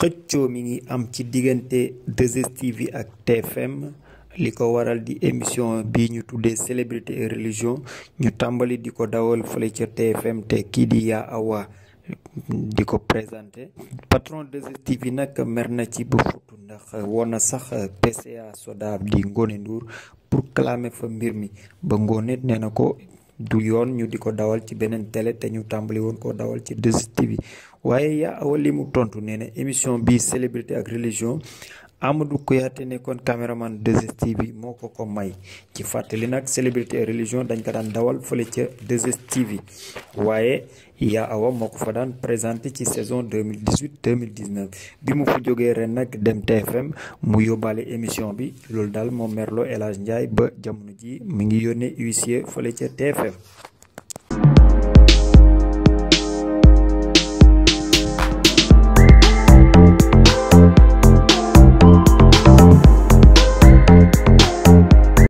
xëccoo mi ngi am ci diggante 2STV ak TFM li ko waral di émission bi ñu tuddee célébrité et religion ñu tàmbali di ko dawal fële ca TFM te kii di Yaa Awa di ko présenté patron 2STV nag mer na ci bu futu ndax woon na sax PCA Sodav di Ngone Ndour pour clamer fa mbir mi ba Ngone nee na ko du yoon ñu di ko dawal ci beneen tele te ñu tàmbali woon koo dawal ci 2STV waaye yaa awa mu tontu nee ne émission bi célébrité ak réligion Amadou Kouyaté nekkoon caméraman 2STV moo ko ko may ci fàttali nag célébrité religion dañ ko daan dawal fële ca 2STV waaye Yaa Awa moo ko fa daan présenté ci saison deux mille 2018 2019 bi mu fa jógee ren nag dem TFM mu yóbbaale émission bi loolu daal moo merloo El Hadj Ndiaye ba jamono ji mu ngi yónnee huissier fële ca TFM.